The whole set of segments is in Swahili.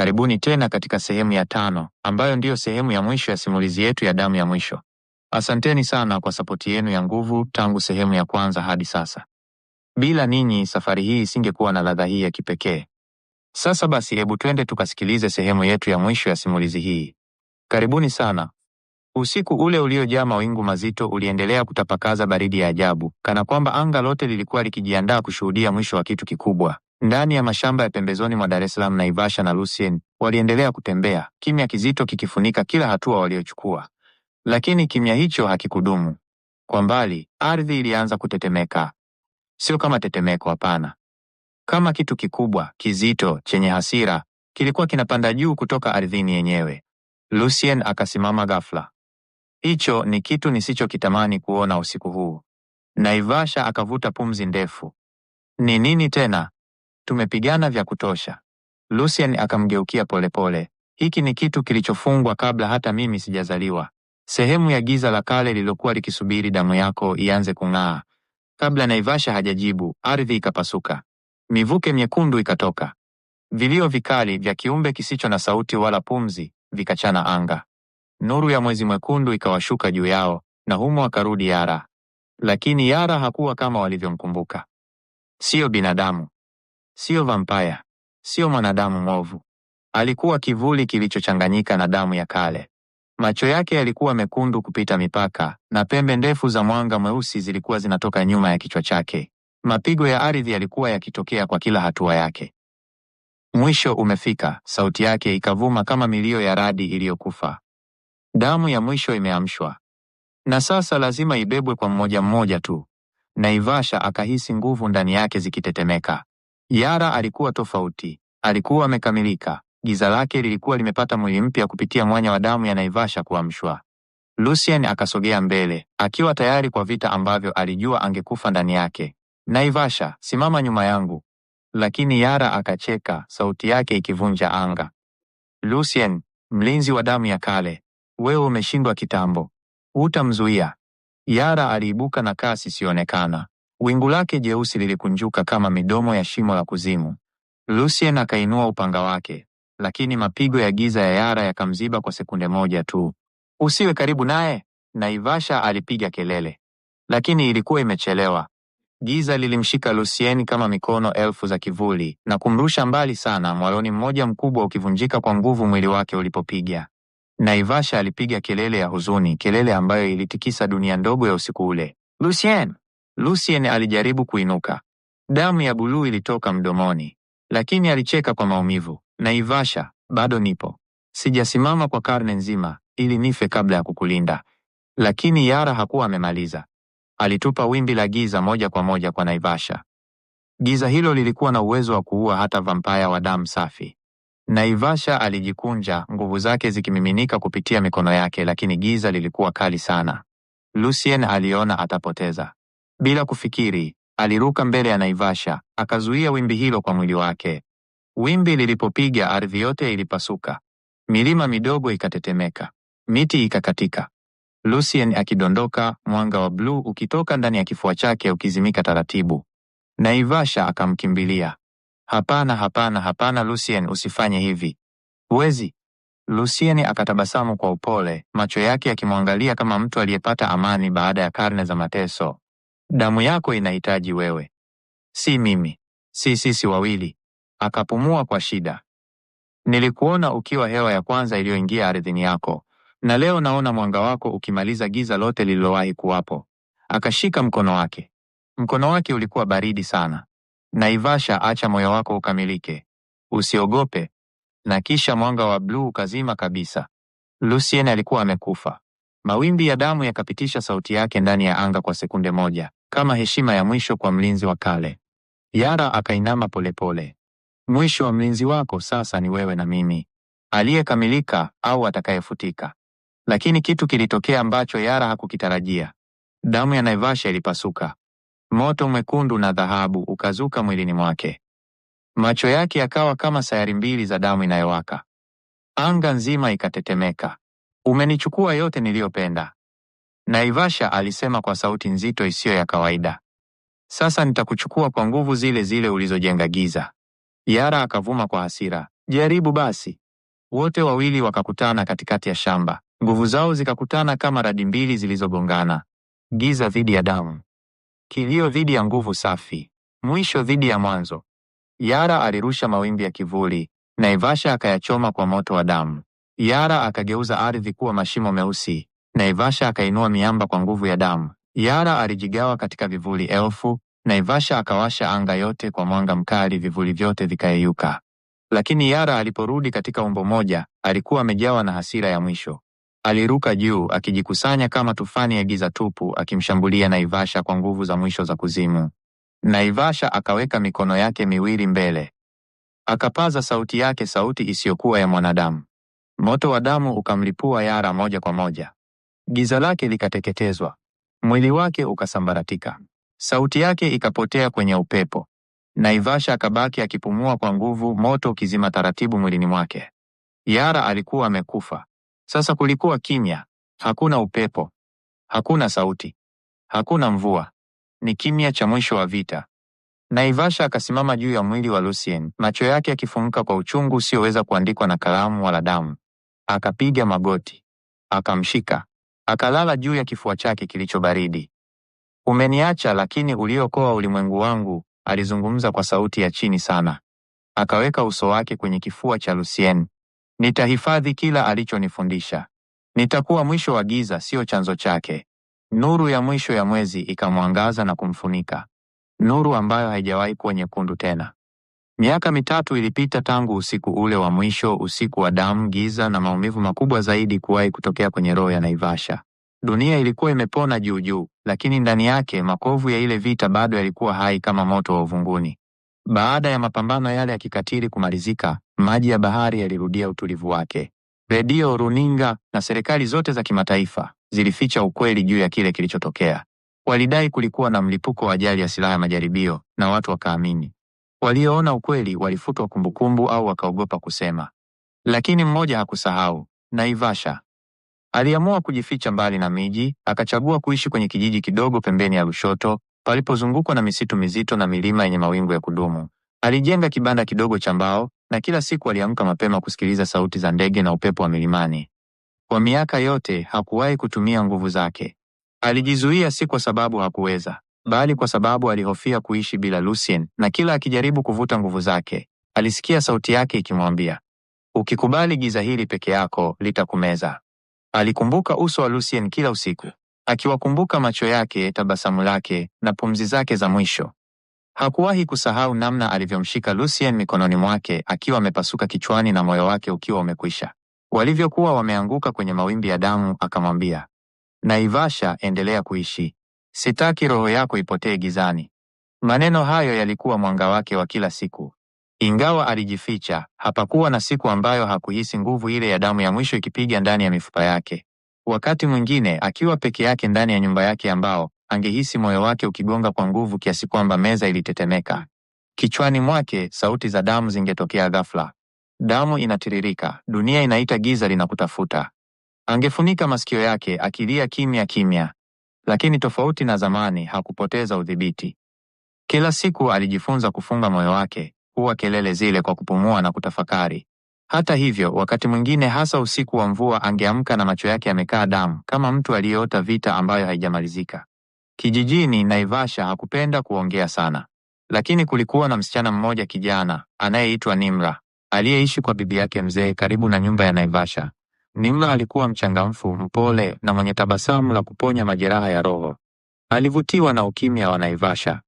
Karibuni tena katika sehemu ya tano ambayo ndiyo sehemu ya mwisho ya simulizi yetu ya Damu ya Mwisho. Asanteni sana kwa sapoti yenu ya nguvu tangu sehemu ya kwanza hadi sasa. Bila ninyi safari hii isingekuwa na ladha hii ya kipekee. Sasa basi, hebu twende tukasikilize sehemu yetu ya mwisho ya simulizi hii. Karibuni sana. Usiku ule uliojaa mawingu mazito uliendelea kutapakaza baridi ya ajabu, kana kwamba anga lote lilikuwa likijiandaa kushuhudia mwisho wa kitu kikubwa. Ndani ya mashamba ya pembezoni mwa Dar es Salaam, Naivasha na lucien waliendelea kutembea, kimya kizito kikifunika kila hatua waliochukua. Lakini kimya hicho hakikudumu. Kwa mbali, ardhi ilianza kutetemeka. Sio kama tetemeko, hapana, kama kitu kikubwa, kizito, chenye hasira kilikuwa kinapanda juu kutoka ardhini yenyewe. Lucien akasimama ghafla. Hicho ni kitu nisichokitamani kuona usiku huu. Naivasha akavuta pumzi ndefu. Ni nini tena? Tumepigana vya kutosha. Lucien akamgeukia polepole. Hiki ni kitu kilichofungwa kabla hata mimi sijazaliwa, sehemu ya giza la kale lililokuwa likisubiri damu yako ianze kung'aa. Kabla Naivasha hajajibu, ardhi ikapasuka, mivuke myekundu ikatoka, vilio vikali vya kiumbe kisicho na sauti wala pumzi vikachana anga. Nuru ya mwezi mwekundu ikawashuka juu yao, na humo akarudi Yara. Lakini Yara hakuwa kama walivyomkumbuka, siyo binadamu. Sio vampaya, sio mwanadamu mwovu. Alikuwa kivuli kilichochanganyika na damu ya kale. Macho yake yalikuwa mekundu kupita mipaka, na pembe ndefu za mwanga mweusi zilikuwa zinatoka nyuma ya kichwa chake. Mapigo ya ardhi yalikuwa yakitokea kwa kila hatua yake. Mwisho umefika, sauti yake ikavuma kama milio ya radi iliyokufa. Damu ya mwisho imeamshwa, na sasa lazima ibebwe kwa mmoja mmoja tu. Naivasha akahisi nguvu ndani yake zikitetemeka. Yara alikuwa tofauti. Alikuwa amekamilika. Giza lake lilikuwa limepata mwili mpya kupitia mwanya wa damu ya Naivasha kuamshwa. Lucien akasogea mbele, akiwa tayari kwa vita ambavyo alijua angekufa ndani yake. Naivasha, simama nyuma yangu. Lakini Yara akacheka, sauti yake ikivunja anga. Lucien, mlinzi wa damu ya kale, wewe umeshindwa kitambo. utamzuia. Yara aliibuka na kasi isiyoonekana. Wingu lake jeusi lilikunjuka kama midomo ya shimo la kuzimu. Lucien akainua upanga wake, lakini mapigo ya giza ya Yara yakamziba kwa sekunde moja tu. Usiwe karibu naye, Naivasha alipiga kelele, lakini ilikuwa imechelewa. Giza lilimshika Lucien kama mikono elfu za kivuli na kumrusha mbali sana, mwaloni mmoja mkubwa ukivunjika kwa nguvu mwili wake ulipopiga. Naivasha alipiga kelele ya huzuni, kelele ambayo ilitikisa dunia ndogo ya usiku ule. Lucien Lucien alijaribu kuinuka. Damu ya buluu ilitoka mdomoni, lakini alicheka kwa maumivu. Naivasha, bado nipo. Sijasimama kwa karne nzima ili nife kabla ya kukulinda. Lakini Yara hakuwa amemaliza. Alitupa wimbi la giza moja kwa moja kwa Naivasha. Giza hilo lilikuwa na uwezo wa kuua hata vampaya wa damu safi. Naivasha alijikunja, nguvu zake zikimiminika kupitia mikono yake, lakini giza lilikuwa kali sana. Lucien aliona atapoteza. Bila kufikiri, aliruka mbele ya Naivasha, akazuia wimbi hilo kwa mwili wake. Wimbi lilipopiga, ardhi yote ilipasuka. Milima midogo ikatetemeka, miti ikakatika. Lucien akidondoka, mwanga wa bluu ukitoka ndani ya kifua chake ukizimika taratibu. Naivasha akamkimbilia. Hapana, hapana, hapana, Lucien, usifanye hivi, huwezi. Lucien akatabasamu kwa upole, macho yake yakimwangalia kama mtu aliyepata amani baada ya karne za mateso. Damu yako inahitaji wewe, si mimi, si sisi wawili. Akapumua kwa shida. Nilikuona ukiwa hewa ya kwanza iliyoingia ardhini yako, na leo naona mwanga wako ukimaliza giza lote lililowahi kuwapo. Akashika mkono wake. Mkono wake ulikuwa baridi sana. Naivasha, acha moyo wako ukamilike, usiogope. Na kisha mwanga wa bluu ukazima kabisa. Lucien alikuwa amekufa. Mawimbi ya damu yakapitisha sauti yake ndani ya anga kwa sekunde moja kama heshima ya mwisho kwa mlinzi wa kale. Yara akainama polepole. Mwisho wa mlinzi wako sasa ni wewe na mimi, aliyekamilika au atakayefutika. Lakini kitu kilitokea ambacho Yara hakukitarajia. Damu ya Naivasha ilipasuka, moto mwekundu na dhahabu ukazuka mwilini mwake. Macho yake yakawa kama sayari mbili za damu inayowaka. Anga nzima ikatetemeka. Umenichukua yote niliyopenda, Naivasha alisema kwa sauti nzito isiyo ya kawaida. Sasa nitakuchukua kwa nguvu zile zile ulizojenga giza. Yara akavuma kwa hasira. Jaribu basi. Wote wawili wakakutana katikati ya shamba. Nguvu zao zikakutana kama radi mbili zilizogongana. Giza dhidi ya damu. Kilio dhidi ya nguvu safi. Mwisho dhidi ya mwanzo. Yara alirusha mawimbi ya kivuli, Naivasha akayachoma kwa moto wa damu. Yara akageuza ardhi kuwa mashimo meusi, Naivasha akainua miamba kwa nguvu ya damu. Yara alijigawa katika vivuli elfu. Naivasha akawasha anga yote kwa mwanga mkali, vivuli vyote vikayeyuka. Lakini Yara aliporudi katika umbo moja, alikuwa amejawa na hasira ya mwisho. Aliruka juu akijikusanya kama tufani ya giza tupu, akimshambulia Naivasha kwa nguvu za mwisho za kuzimu. Naivasha akaweka mikono yake miwili mbele, akapaza sauti yake, sauti isiyokuwa ya mwanadamu. Moto wa damu ukamlipua Yara moja kwa moja. Giza lake likateketezwa, mwili wake ukasambaratika, sauti yake ikapotea kwenye upepo. Naivasha akabaki akipumua kwa nguvu, moto ukizima taratibu mwilini mwake. Yara alikuwa amekufa. Sasa kulikuwa kimya, hakuna upepo, hakuna sauti, hakuna mvua. Ni kimya cha mwisho wa vita. Naivasha akasimama juu ya mwili wa Lucien, macho yake yakifunguka kwa uchungu usioweza kuandikwa na kalamu wala damu. Akapiga magoti, akamshika, akalala juu ya kifua chake kilicho baridi Umeniacha lakini uliokoa ulimwengu wangu, alizungumza kwa sauti ya chini sana. Akaweka uso wake kwenye kifua cha Lucien. Nitahifadhi kila alichonifundisha. Nitakuwa mwisho wa giza, sio chanzo chake. Nuru ya mwisho ya mwezi ikamwangaza na kumfunika, nuru ambayo haijawahi kuwa nyekundu tena. Miaka mitatu ilipita tangu usiku ule wa mwisho, usiku wa damu, giza na maumivu makubwa zaidi kuwahi kutokea kwenye roho ya Naivasha. Dunia ilikuwa imepona juu juu, lakini ndani yake makovu ya ile vita bado yalikuwa hai kama moto wa uvunguni. Baada ya mapambano yale ya kikatili kumalizika, maji ya bahari yalirudia utulivu wake. Redio, runinga na serikali zote za kimataifa zilificha ukweli juu ya kile kilichotokea. Walidai kulikuwa na mlipuko wa ajali ya silaha ya majaribio, na watu wakaamini. Walioona ukweli walifutwa kumbukumbu au wakaogopa kusema. Lakini mmoja hakusahau, Naivasha. Aliamua kujificha mbali na miji, akachagua kuishi kwenye kijiji kidogo pembeni ya Lushoto, palipozungukwa na misitu mizito na milima yenye mawingu ya kudumu. Alijenga kibanda kidogo cha mbao na kila siku aliamka mapema kusikiliza sauti za ndege na upepo wa milimani. Kwa miaka yote hakuwahi kutumia nguvu zake. Alijizuia si kwa sababu hakuweza, bali kwa sababu alihofia kuishi bila Lucien, na kila akijaribu kuvuta nguvu zake, alisikia sauti yake ikimwambia, ukikubali giza hili peke yako litakumeza. Alikumbuka uso wa Lucien kila usiku, akiwakumbuka macho yake, tabasamu lake na pumzi zake za mwisho. Hakuwahi kusahau namna alivyomshika Lucien mikononi mwake akiwa amepasuka kichwani na moyo wake ukiwa umekwisha. Walivyokuwa wameanguka kwenye mawimbi ya damu, akamwambia, Naivasha, endelea kuishi sitaki roho yako ipotee gizani. Maneno hayo yalikuwa mwanga wake wa kila siku. Ingawa alijificha, hapakuwa na siku ambayo hakuhisi nguvu ile ya damu ya mwisho ikipiga ndani ya mifupa yake. Wakati mwingine akiwa peke yake ndani ya nyumba yake, ambao angehisi moyo wake ukigonga kwa nguvu kiasi kwamba meza ilitetemeka. Kichwani mwake sauti za damu zingetokea ghafla. Damu inatiririka, dunia inaita, giza linakutafuta. Angefunika masikio yake akilia kimya kimya, lakini tofauti na zamani hakupoteza udhibiti. Kila siku alijifunza kufunga moyo wake, huwa kelele zile kwa kupumua na kutafakari. Hata hivyo, wakati mwingine, hasa usiku wa mvua, angeamka na macho yake yamekaa damu kama mtu aliyeota vita ambayo haijamalizika. Kijijini Naivasha hakupenda kuongea sana, lakini kulikuwa na msichana mmoja kijana anayeitwa Nimra aliyeishi kwa bibi yake mzee karibu na nyumba ya Naivasha. Nimla alikuwa mchangamfu, mpole na mwenye tabasamu la kuponya majeraha ya roho. Alivutiwa na ukimya wa Naivasha.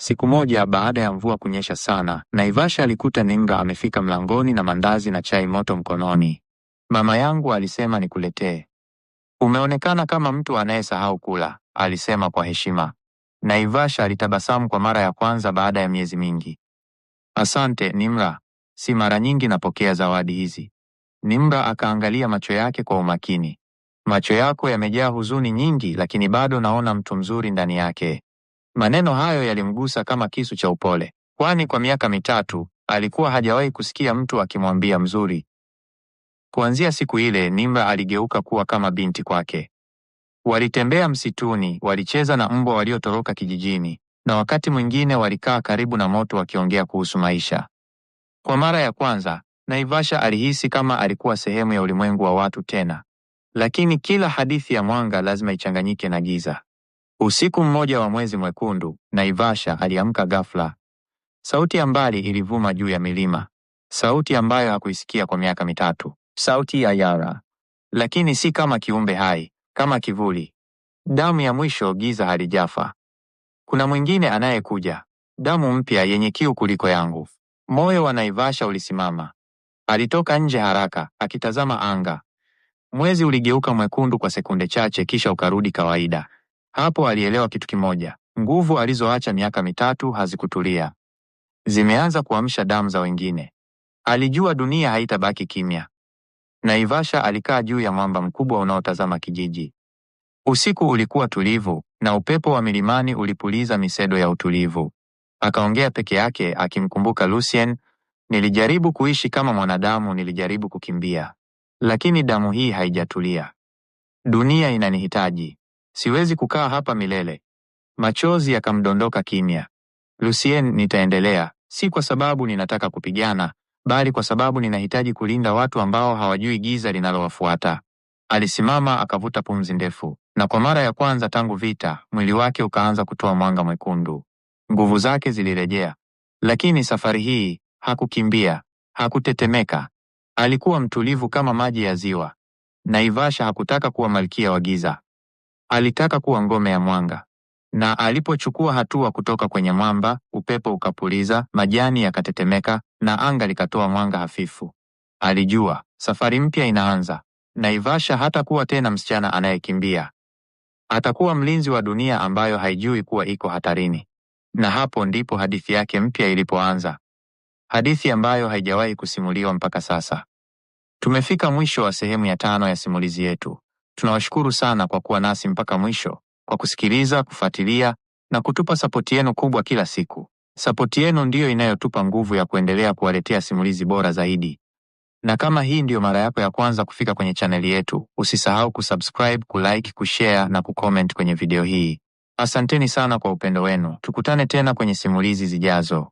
Siku moja baada ya mvua kunyesha sana, Naivasha alikuta Nimra amefika mlangoni na mandazi na chai moto mkononi. Mama yangu alisema nikuletee. Umeonekana kama mtu anayesahau kula, alisema kwa heshima. Naivasha alitabasamu kwa mara ya kwanza baada ya miezi mingi. Asante nimla si mara nyingi napokea zawadi hizi. Nimra akaangalia macho yake kwa umakini. Macho yako yamejaa huzuni nyingi, lakini bado naona mtu mzuri ndani yake. Maneno hayo yalimgusa kama kisu cha upole, kwani kwa miaka mitatu alikuwa hajawahi kusikia mtu akimwambia mzuri. Kuanzia siku ile, Nimra aligeuka kuwa kama binti kwake. Walitembea msituni, walicheza na mbwa waliotoroka kijijini, na wakati mwingine walikaa karibu na moto wakiongea kuhusu maisha. Kwa mara ya kwanza Naivasha alihisi kama alikuwa sehemu ya ulimwengu wa watu tena, lakini kila hadithi ya mwanga lazima ichanganyike na giza. Usiku mmoja wa mwezi mwekundu, Naivasha aliamka ghafla. Sauti ya mbali ilivuma juu ya milima, sauti ambayo hakuisikia kwa miaka mitatu, sauti ya Yara, lakini si kama kiumbe hai, kama kivuli. Damu ya mwisho, giza halijafa. Kuna mwingine anayekuja, damu mpya yenye kiu kuliko yangu. Moyo wa Naivasha ulisimama, Alitoka nje haraka akitazama anga. Mwezi uligeuka mwekundu kwa sekunde chache, kisha ukarudi kawaida. Hapo alielewa kitu kimoja: nguvu alizoacha miaka mitatu hazikutulia, zimeanza kuamsha damu za wengine. Alijua dunia haitabaki kimya. Naivasha alikaa juu ya mwamba mkubwa unaotazama kijiji. Usiku ulikuwa tulivu na upepo wa milimani ulipuliza misedo ya utulivu. Akaongea peke yake akimkumbuka Lucien, Nilijaribu kuishi kama mwanadamu, nilijaribu kukimbia, lakini damu hii haijatulia. Dunia inanihitaji, siwezi kukaa hapa milele. Machozi yakamdondoka kimya. Lucien, nitaendelea, si kwa sababu ninataka kupigana, bali kwa sababu ninahitaji kulinda watu ambao hawajui giza linalowafuata. Alisimama akavuta pumzi ndefu, na kwa mara ya kwanza tangu vita mwili wake ukaanza kutoa mwanga mwekundu. Nguvu zake zilirejea, lakini safari hii Hakukimbia, hakutetemeka, alikuwa mtulivu kama maji ya ziwa. Naivasha hakutaka kuwa malkia wa giza, alitaka kuwa ngome ya mwanga. Na alipochukua hatua kutoka kwenye mwamba, upepo ukapuliza, majani yakatetemeka, na anga likatoa mwanga hafifu. Alijua safari mpya inaanza. Naivasha hatakuwa tena msichana anayekimbia, atakuwa mlinzi wa dunia ambayo haijui kuwa iko hatarini. Na hapo ndipo hadithi yake mpya ilipoanza hadithi ambayo haijawahi kusimuliwa mpaka sasa. Tumefika mwisho wa sehemu ya tano ya simulizi yetu. Tunawashukuru sana kwa kuwa nasi mpaka mwisho, kwa kusikiliza, kufuatilia na kutupa sapoti yenu kubwa kila siku. Sapoti yenu ndiyo inayotupa nguvu ya kuendelea kuwaletea simulizi bora zaidi. Na kama hii ndiyo mara yako ya kwanza kufika kwenye chaneli yetu, usisahau kusubscribe, kulike, kushare na kucomment kwenye video hii. Asanteni sana kwa upendo wenu. Tukutane tena kwenye simulizi zijazo.